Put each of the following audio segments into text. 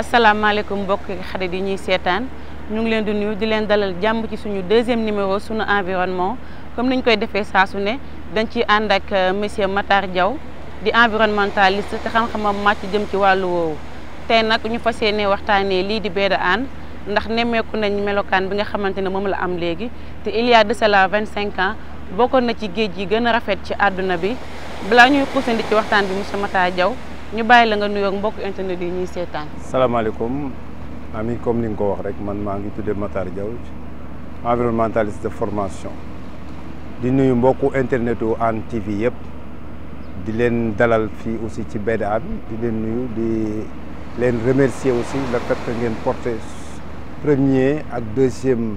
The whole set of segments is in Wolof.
asalaamaaleykum mbokk xarit yi ñuy seetaan ñu ngi leen di nuyu di leen dalal jàmm ci suñu deuxième numéro suñu environnement comme ni ñu koy defee saa su ne dañ ciy ànd ak euh, monsieur Matar Diaw di environnementaliste te xam-xamam ci jëm ci wàllu woowu. tey nag ñu fas yéenee waxtaanee lii di baie de ndax nemmeeku nañ melokaan bi nga xamante ne moom la am léegi te il y a vingt cinq ans bokkoon na ci géej gi gën a rafet ci àdduna bi balaa ñuy xuusandi ci waxtaan bi monsieur Matar Diaw. ñu bàyyi la nga nuyoog mbokk internet yi ñuy seetaan. salaamaaleykum ami comme ni nga ko wax rek man maa ngi tuddee Matar jaw environnementaliste de formation di nuyu mbokku internet yu Hann TV yëpp di leen dalal fii aussi ci bed bi di leen nuyu di leen remercier aussi le fait que ngeen porté premier ak deuxième.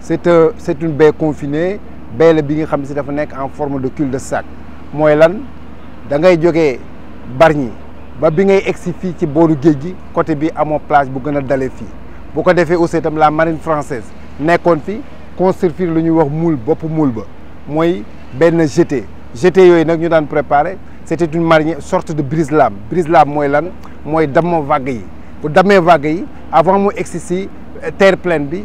c'est c'est une baie confinée baie la bi nga xam dafa en forme de cul-de-sac mooy lan da ngay jógee Bargny ba bi ngay egsi fii ci booru géej côté bi amoo plage bu gën a dalee bu ko defee aussi la marine française nekkoon fi construire lu ñuy wax moule bopp moule ba mooy ben jeté jeté yooyu nag ñu daan préparé c'était une marine sorte de brise lame, brise lame mooy lan mooy damm vague yi bu vague yi avant mu egsi euh, terre pleine bi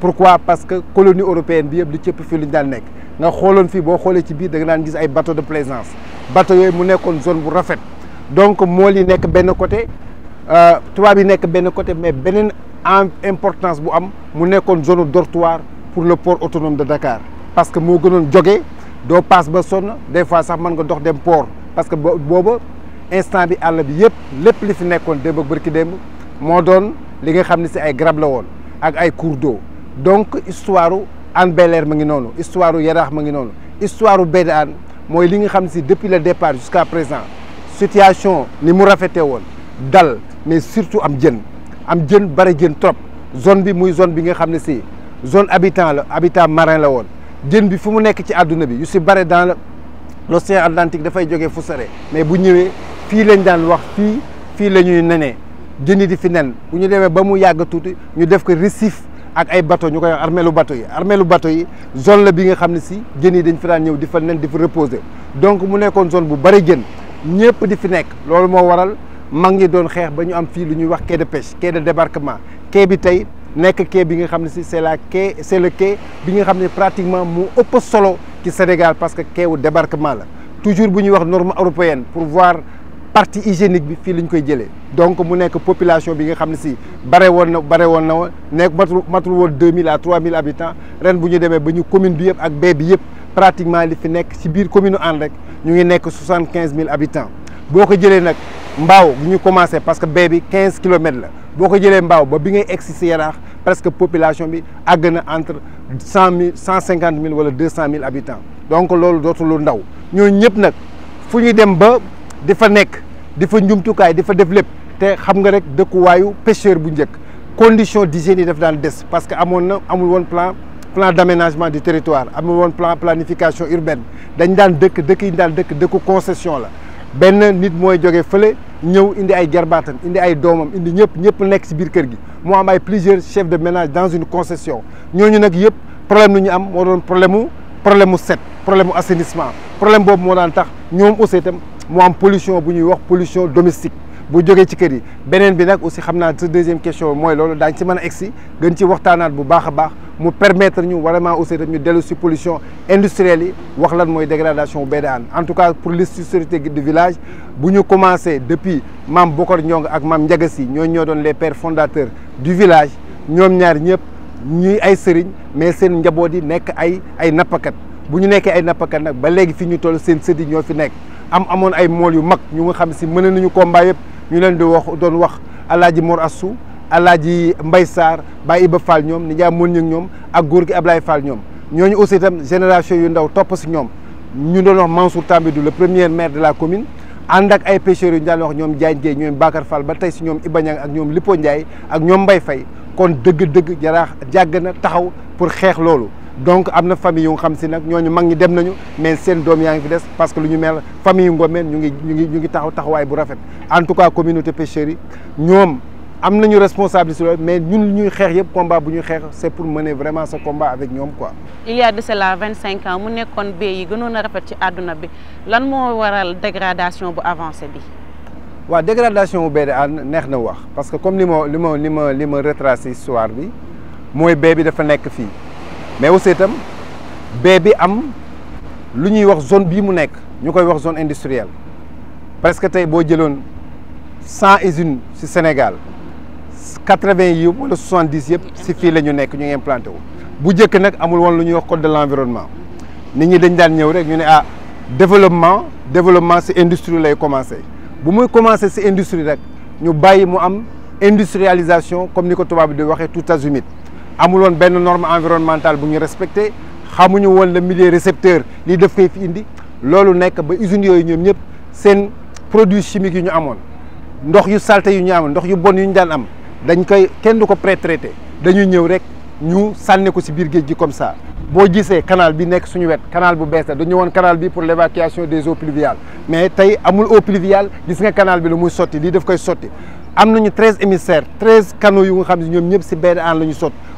pourquoi parce que colonie européenne bi yëpp li cëpp fii lu ñu daan nekk nga xooloon fii boo xoolee ci biir da nga gis ay bateau de plaisance bateau yooyu mu nekkoon zone bu rafet donc mool yi ben benn côté euh, tubaab yi nekk benn côté mais beneen importance bu am mu nekkoon zone dortoir pour le port autonome de Dakar parce que moo gënoon jóge doo passe ba sonn des fois sax mën nga dox dem port parce que booba instant bi àll bi yëpp lépp li fi nekkoon démb ak bërki démb moo doon li nga xam ne si ay garab la woon ak ay cours d'eau donc histoire Hann Bel-Air histoire Yaraax ma histoire Bédane mooy li nga xam depuis le départ jusqu'à présent situation ni mou rafété won dal mais surtout am jën am jën bare jën trop zone bi muy zone bi nga xamné ci zone habitant la habitat marin la won jën bi fu nek ci aduna bi yu ci bare dans l'océan Atlantique dafay jógee fu sore mais bu ñëwee fi lañ daan wax fi fi lañuy nané nenee di fi nen bu ñu demee ba mu yag tuuti ñu def ko récif ak ay bateau ñukoy koy wax armeelu bateau yi armeelu bateau yi zone la bi nga xamni ne si jën yi dañ fi daan ñëw di fa nen di fa reposer donc mu nekkoon zone bu bari gën ñepp di fi nekk loolu mo waral mag ñi doon xeex ba ñu am fii lu ñuy wax quai de pêche quai de débarquement quai bi tey nekk quai bi nga xam ne si c'est la quai c'est le quai bi nga xam ne pratiquement mu ëpp solo ci Sénégal parce que quai wu débarquement la toujours bu ñuy wax norme européenne pour voir partie hygiénique bi fi liñ koy jëlé donc mu population bi nga xamni si baré won na baré won na 2000 à 3000 habitants ren buñu démé bañu commune bi Yép ak bébé Yép pratiquement li fi nek ci biir commune and rek ñu ngi nek 75000 habitants boko jëlé nak mbaw ñu commencé parce que bébé 15 km la boko jëlé mbaw ba bi ngay exister presque population bi agna entre 100 000, 150 000 wala 200 000 habitants donc lolu dotul lu ndaw ñoo ñep nak fu ñu dem ba difa di fa njumtukaay di fa def lépp te xam nga rek dëkkuwaayu pêcheur bu njëkk condition d'hygiène yi daf daan parce que amoon na amul woon plan plan d'aménagement du territoire amul woon plan planification urbaine dañ daan dëkk dëkk yi daan dëkk dëkku concession la benn nit mooy jóge fële ñëw indi ay gerbaatam indi ay doomam indi ñëpp ñëpp nekk ci biir kër gi moo am plusieurs chefs de ménage dans une concession ñooñu nag yëpp problème lu ñu am moo doon problème mu problème mu set problème mu assainissement problème boobu moo daan tax ñoom aussi Mo pollution bu pollution domestique bu une deuxième question moi, loolu ci permettre vraiment aussi pollution industrielle et wax dégradation en tout cas pour de du village si commencé depuis que Bokor les pères fondateurs du village nous sommes ñëpp mais nous sommes yi des ay ay nappakat bu ñu ay nappakat am amoon ay mol yu mag ñu nga xam si mën nañu combat yëpp ñu leen di wax doon wax alaaji Mor Assou alaaji Mbay sar Baye Iba Fall ñom Ndiaye Moon ñi ñom ak góor gi Ablaye Fall ñoom ñooñu aussi tam génération yu ndaw top ci ñom ñu doon wax Mansour Tambidou le premier maire de la commune and ak ay pêcheur yu ndal wax ñom Diagne Gueye ñoom Bakar Fall ba tay ci ñom Iba ak ñom Lippo Ndiaye ak ñom Mbay Fay kon deug deug Yaraax jàgg na taxaw pour xex lolu donc il famille mais nous parce que famille qui en tout cas communauté pêcherie, nous sommes responsables, mais nous combat c'est pour mener vraiment ce combat avec nous il y a de cela 25 ans nous nekkoon a rafet dégradation bu avancé dégradation est très de parce que comme je ma retracé mais aussi itam bee am luñuy wax zone bi mu nek ñukoy wax zone industrielle presque tey boo jëloon cent usines ci Sénégal 80 vingt yi wala 70 dix ci fi lañu nek ñu implanté wu. bu jëk nak amul won luñuy wax code de l'environnement nit ñi dañ daan ñew rek ñu né ah développement développement ci industrie lay commencé bu muy commencé ci industrie rek ñu bayyi mu am industrialisation comme niko ko tubaab bi di waxee tout azimut amuloon ben norme environnementale bu ñu respecté xamuñu woon le milieu récepteur lii daf koy fi indi loolu nekk ba usines yooyu ñoom ñëpp seen produits chimiques yu ñu amoon ndox yu salté yu ñu amoon ndox yu bon yu ñu daan am dañ koy kenn du ko pré-traité dañuy ñëw rek ñu sànni ko ci biir géej comme ça boo gisee canal bi nekk suñu wet canal bu bees la dañu woon canal bi pour l'évacuation des eaux pluviales mais tey amul eaux pluviales, gis nga canal bi la muy sotti lii daf koy sotti am nañu treize émissaires treize canaux yu nga xam ne ñoom ñëpp ci benn aan la ñu sotti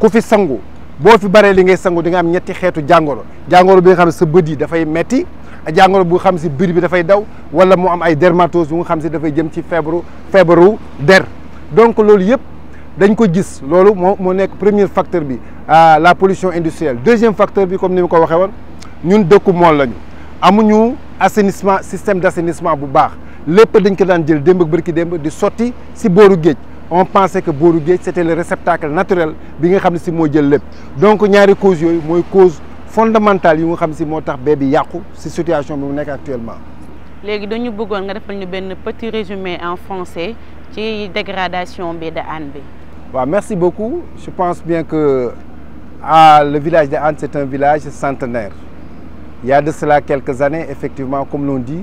ku fi sangu boo fi baree li ngay sangu di nga am ñetti xeetu jàngoro jàngoro bi nga xam ne sa bët yi dafay metti jàngoro bu xam si biir bi dafay daw wala mu am ay dermatose yu nga xam si dafay jëm ci der donc lolo yep. dañ ko gis loolu moo premier facteur bi la pollution industrielle deuxième facteur bi comme ni ma ko waxee woon ñun dëkku mool lañu amuñu assainissement système d'assainissement à bu baax lépp dañ ko daan jël démb ak bërki de di sotti on pensait que c'était le réceptacle naturel bi nga xamni si jël lepp donc ñaari cause yoy moy cause fondamentale yi nga xamni si moo tax bee situation bi mu nek actuellement. légui dañu bëggoon nga defal ñu benn petit résumé en français ci dégradation bi de Hann bi. merci beaucoup je pense bien que ah le village de Anne c'est un village centenaire il y a de cela quelques années effectivement comme l'on dit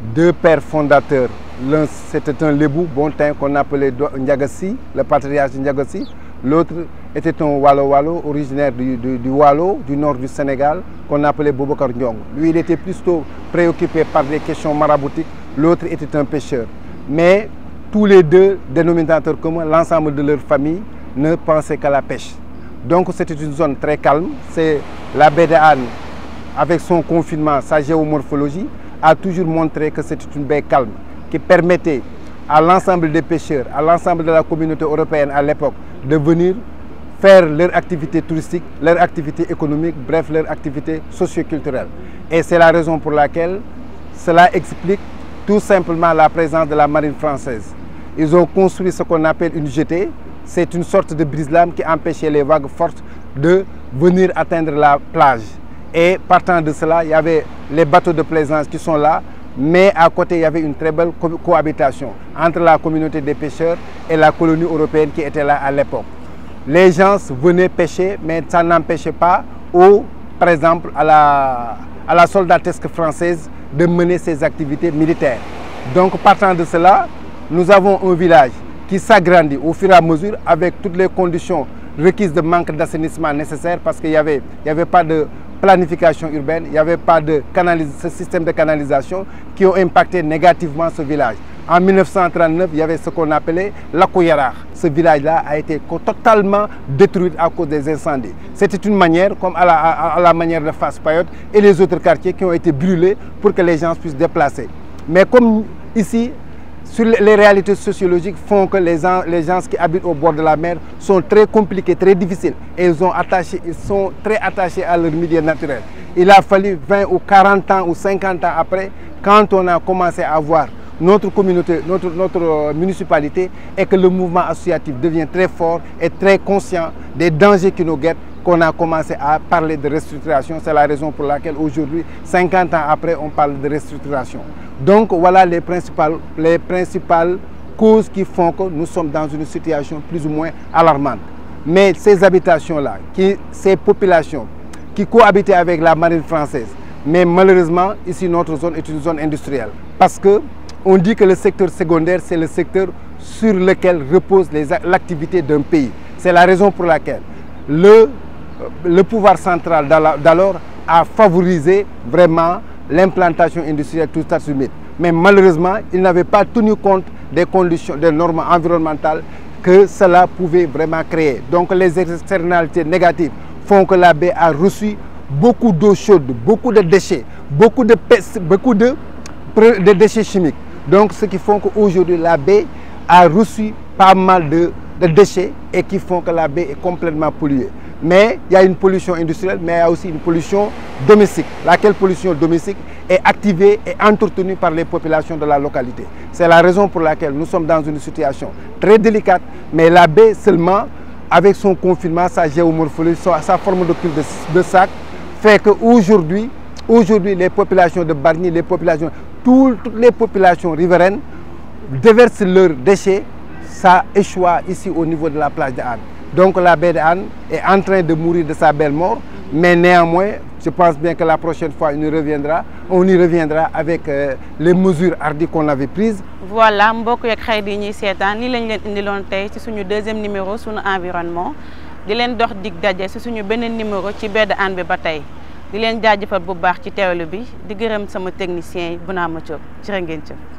deux pères fondateurs. L'un, c'était un lébou bontain qu'on appelait Ndiagassi, le patriarche Ndiagassi. L'autre était un Walo-Walo, originaire du, du, du, du nord du Sénégal, qu'on appelait Bobo Ndiong. Lui, il était plutôt préoccupé par les questions maraboutiques. L'autre était un pêcheur. Mais tous les deux, dénominateurs communs, l'ensemble de leur famille ne pensait qu'à la pêche. Donc c'était une zone très calme. C'est la baie de Anne, avec son confinement, sa géomorphologie, a toujours montré que c'était une baie calme qui permettait à l'ensemble des pêcheurs, à l'ensemble de la communauté européenne à l'époque de venir faire leur activité touristique, leur activité économique, bref, leur activité socioculturelle. Et c'est la raison pour laquelle cela explique tout simplement la présence de la marine française. Ils ont construit ce qu'on appelle une jetée. C'est une sorte de brise-lame qui empêchait les vagues fortes de venir atteindre la plage. Et partant de cela, il y avait les bateaux de plaisance qui sont là, mais à côté, il y avait une très belle cohabitation entre la communauté des pêcheurs et la colonie européenne qui était là à l'époque. Les gens venaient pêcher, mais ça n'empêchait pas, ou par exemple, à la, soldatesque française de mener ses activités militaires. Donc, partant de cela, nous avons un village qui s'agrandit au fur et à mesure avec toutes les conditions requises de manque d'assainissement nécessaire parce qu'il n'y avait, avait pas de planification urbaine, il n'y avait pas de système de canalisation qui ont impacté négativement ce village. En 1939, il y avait ce qu'on appelait l'Akoyarar. Ce village-là a été totalement détruit à cause des incendies. C'était une manière, comme à la, manière de Fas Payot, et les autres quartiers qui ont été brûlés pour que les gens puissent déplacer. Mais comme ici, les réalités sociologiques font que les gens, qui habitent au bord de la mer sont très compliqués, très difficiles. Et ils, ont attaché, ils sont très attachés à leur milieu naturel. Il a fallu 20 ou 40 ans ou 50 ans après, quand on a commencé à voir notre communauté, notre, euh, municipalité et que le mouvement associatif devient très fort et très conscient des dangers qui nous guettent qu'on a commencé à parler de restructuration. C'est la raison pour laquelle aujourd'hui, 50 ans après, on parle de restructuration. Donc voilà les principales, les principales causes qui font que nous sommes dans une situation plus ou moins alarmante. Mais ces habitations-là, ces populations qui cohabitaient avec la marine française, mais malheureusement, ici, notre zone est une zone industrielle. Parce que on dit que le secteur secondaire, c'est le secteur sur lequel repose l'activité d'un pays. C'est la raison pour laquelle le, le pouvoir central d'alors a favorisé vraiment l'implantation industrielle tout à summit. Mais malheureusement, il n'avait pas tenu compte des conditions, des normes environnementales que cela pouvait vraiment créer. Donc les externalités négatives font que la baie a reçu beaucoup d'eau chaude, beaucoup de déchets, beaucoup de, beaucoup de, de déchets chimiques. Donc, ce qui font qu'aujourd'hui, la baie a reçu pas mal de, déchets et qui font que la baie est complètement polluée. Mais il y a une pollution industrielle, mais il y a aussi une pollution domestique, laquelle pollution domestique est activée et entretenue par les populations de la localité. C'est la raison pour laquelle nous sommes dans une situation très délicate, mais la baie seulement, avec son confinement, sa géomorphologie, sa forme de cul de, sac, fait qu'aujourd'hui, aujourd'hui, les populations de Barnier, les populations, toutes les populations riveraines déversent leurs déchets, ça échoue ici au niveau de la plage de Anne. Donc la baie de Anne est en train de mourir de sa belle mort, mais néanmoins, je pense bien que la prochaine fois, on y reviendra, on y reviendra avec euh, les mesures hardies qu'on avait prises. Voilà, beaucoup de xarit yi avons ni lañ leen deuxième numéro sur environnement di leen dox dig daje ci suñu numéro ci baie de Anne di leen jaajëfal bu baax ci teewlu bi di gërëm sama technicien yi bu naa ma jërë ngeen jëf